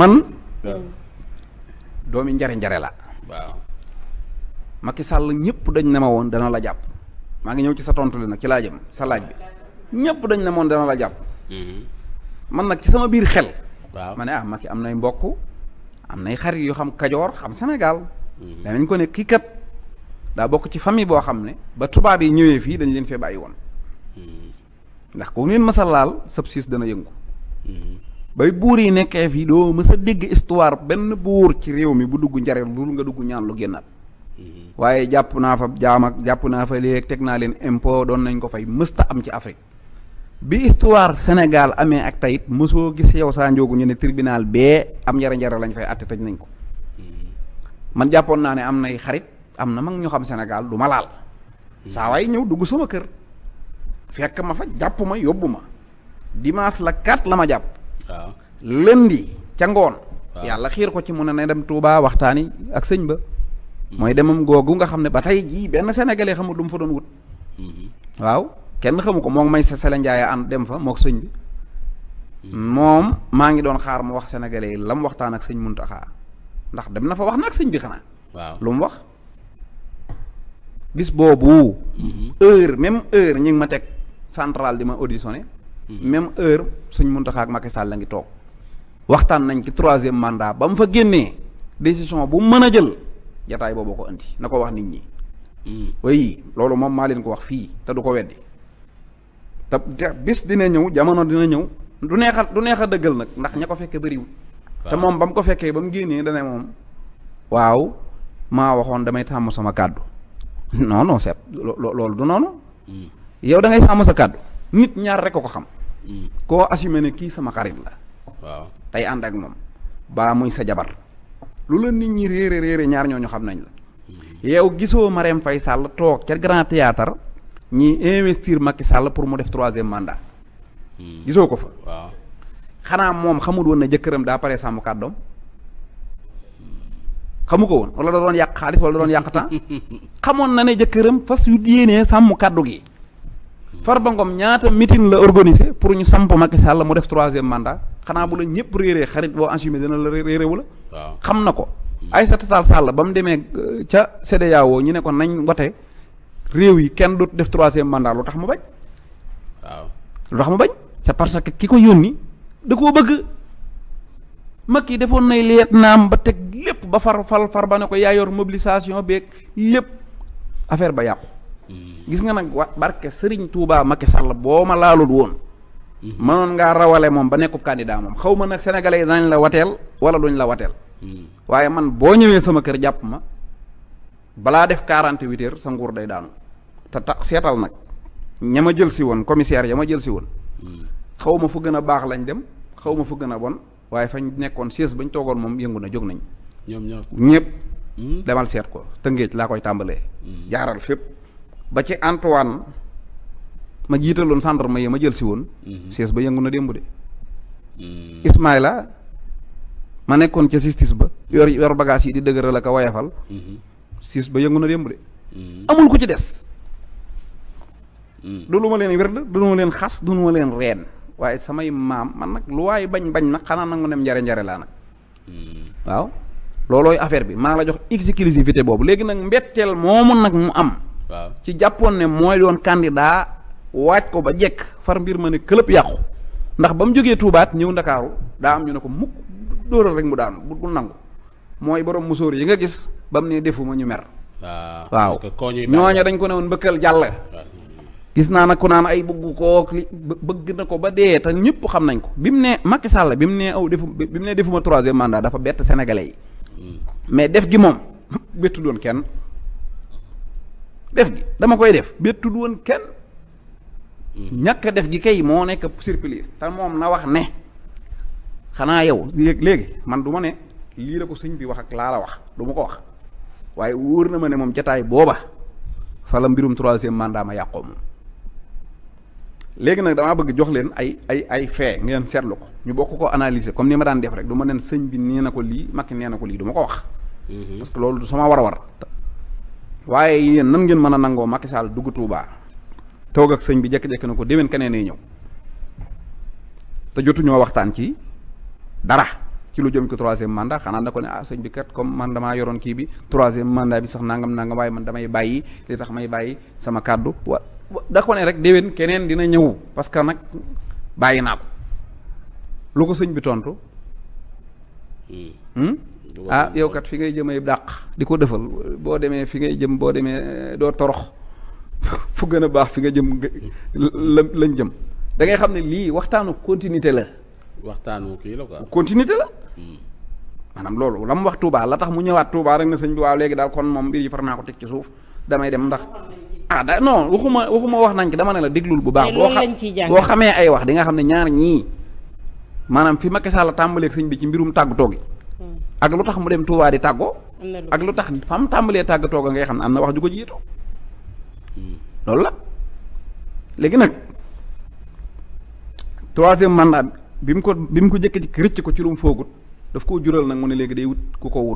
man. doomi njare njare la. waaw. Macky Sall ñëpp dañ ne ma woon dana la jàpp maa ngi ñëw ci sa tontu li nag ci laa jëm sa laaj bi ñëpp dañ ne ma dana la jàpp. Mm-hmm. man nag ci sama biir xel. waaw ma ne ah Macky am nay mbokk am nay xarit yu xam Kajoor xam Sénégal. Mm-hmm. danañ ko ne kii kat daa bokk ci famille boo xam ne ba tubaab yi ñëwee fii dañ leen fee bàyyi woon. Mm-hmm. ndax ko ngeen masalaal sab siis dana yëngu. bay bour yi nekké fi do ma sa dégg histoire ben bour ci réew mi bu dugg njare lu nga dugg ñaan lu gennat mm-hmm. waaye japp na fa jaam ak japp na fa léeg teg naa len impôt doon nañ ko fay musta am ci afrique bi histoire sénégal amé ak tayit mësoo gis yow sa ñu né tribunal bé am ñara ñara lañ fay atté tej nañ ko mm-hmm. man jappon na ne am nay xarit am na mag ñu xam sénégal du malal mm-hmm. sa way ñew ñëw dugg sama kër fekk ma fa jappuma yobuma dimanche la kat lama japp lendi ca ya yalla xir ko ci mu ne dem Touba waxtani ak señ ba moy hmm. demam gogu nga xamne ne ba tey jii benn sénégalais xamul dum fa doon wut hmm. waaw kenn xamu ko moom may sa sele njaay ànd dem fa mok señ bi mom hmm. ma ngi doon xaar mu wax sénégalais lam waxtan ak señ muntaha ndax dem na fa wax nak señ bi xana waaw lum wax bis bobu heure même heure ñing ma tek central di ma même heure suñ Muntaxa ak Macky Sall la ngi toog waxtaan nañ ci troisième mandat ba mu fa génnee décision bu mën a jël jataay boobu ko andi na ko wax nit ñi. Hmm. oui loolu moom maa leen ko wax fii te du ko weddi te bis dina ñëw jamono dina ñëw du neexal du neex a dëggal nag ndax ña ko fekkee bëriwul. te moom ba mu ko fekkee ba mu génnee dana moom. waaw maa waxoon damay tàmm sama kàddu non non c'est loolu du noonu. Hmm. yow da ngay sàmm sa kàddu. nit ñaar rek ko xam. Hmm. koo assumé ne kii sama xarit la. tey ànd ak moom. baa muy sa jabar. lu la nit ñi réere réere ñaar ñooñu xam nañ la. Hmm. yow gisoo Marème Faye Sall toog ca Grand Théâtre ñi investir Macky sàll pour mu def troisième mandat. Hmm. gisoo ko fa. xanaa moom xamul woon ne jëkkëram daa pare sàmm kàddoom. xamu ko woon wala da doon yàq xaalis wala da doon yàq temps xamoon na ne jëkkëram fas yu yéenee sàmm kàddu gi. Farba Ngom ñaata meeting la organisé pour ñu samp Macky Sall mu def troisième mandat xanaa bu la ñëpp réeree xarit boo assumé dina la réeré wu la. xam na ko. ay Aïssata Tall Sall ba mu demee euh, ca CEDEAO ñu ne ko nañ wote réew yi kenn du def troisième mandat lu tax mu bañ. waaw mu bañ. c'est parce que ki ko yónni da koo bëgg. mag yi defoon nay leet naam ba teg lépp ba far fal far ba ne ko yaayoor mobilisation beeg lépp affaire ba yàqu. Mm-hmm. gis nga nag wa barke Serigne Touba Macky Sall boo ma laalul woon. Mm-hmm. mënoon ngaa rawale moom ba nekkub candidat moom xaw ma nag sénégalais yi la wateel wala duñ la wateel. Mm-hmm. waaye man boo ñëwee sama kër jàpp ma balaa def quarante huit sa nguur day daanu te ta seetal nag ñama ma jël si woon commissaire ya ma jël si woon. xaw ma fu gën a baax lañ dem xaw ma fu gën a bon waaye fañ nekkoon ba ñu toogoon moom yëngu na jóg nañ. ñoom ñëpp demal seet ko tëngéej laa koy tàmbalee. jaaral fépp. ba ci Antoine ma jitalon gendarme yi ya ma jël ci won mhm. sees ba yanguna dembu de. Mhm. ismaila ma nekkon ci sistis ba yor yor bagage yi di dëgëral ak a mhm. sis siis ba yanguna dembu de. amul ku ci dulu du lu ma leen wér du lu ma leen xas du reen waaye samay maam man nak lu waay bagn bañ nag xanaa nangu nem njare njare la nak waw loloy affaire bi ma la jox exclusivité bobu legui nak mbettel momu nak mu am. waaw ci jàppoon ne mooy doon candidat waaj ko ba jekk far mbir ma ne këlëb yàqu ndax ba mu jógee tuubaat ñëw ndakaaru daa am ñu ne ko mukk dóoral rek mu daanu bu nangu mooy borom musóor yi nga gis ba mu ne defuma ñu mer waaw ñooña dañ ko ne woon mbëkkal jàll gis naa nag ku naan ay bëgg kook li bëgg na ko ba dee te ñëpp xam nañ ko bi mu ne Macky Sall bi mu ne aw defu bi mu ne defuma troisième mandat dafa bett sénégalais yi mm. mais def gi moom bettu doon kenn def gi dama koy def bettu du woon kenn hmm. ñàkk def gi kay moo nekk surprise te moom na wax ne xanaa yow léegi man du ma ne lii la ko sëñ bi wax ak laa la wax du ma ko wax waaye wóor na ma ne moom jataay booba fa la mbirum troisième mandat ma yàqoo moom léegi nag damaa bëgg jox leen ay ay ay fee ngeen seetlu ko ñu bokk ko analyser comme ni ma daan def rek du ma nen sëñ bi nee ko lii Macky nee na ko lii duma ko wax hmm. parce loolu du sama war a war waye yeen nan ngeen meuna nango dugu Macky Sall duggu Touba tok ak señ bi jek jek nako dewen kenen keneen ñew te jotu ñoo waxtaan ci dara ci lu jëm ci 3e mandat xana nako ne ah señ bi kat comme man dama yoron ki bi 3e mandat bi sax nangam nangam waye man damay bayyi li tax may bayyi sama cadeau da ko ne rek dewen kenen dina ñew parce que nak bayyi nako lu ko señ bi tontu. ah yow kat fi ngay jëmay dàq di ko defal boo demee fi ngay jëm boo demee eh, doo torox fu gën a baax fi nga jëm lañ jëm da ngay xam ne lii waxtaanu continuité la. waxtaanu kii la quoi continuité la. Hmm. maanaam loolu la mu wax Touba la tax mu ñëwaat Touba rek na sëñ bi waaw léegi daal kon moom mbir yi far naa ko teg ci suuf damay dem ndax. ah da non waxuma waxuma wax nañ ko dama ne la déglul bu baax. boo xam boo xamee ay wax di nga xam ne ñaar ñii maanaam fi Macky Sall tàmbaleeg sëñ bi ci mbirum tàggatoo gi. Hmm. ak lu tax mu dem Touba di tàggoo. ak lu tax fa mu tàmbalee tàggatoo ga ngay xam ne am na wax ju ko jiitu. Hmm. loolu la léegi nag troisième mandat bi mu ko bi mu ko jëkk ci rëcc ko ci lu mu foogut daf koo jural nag mu ne léegi day wut ku ko wut.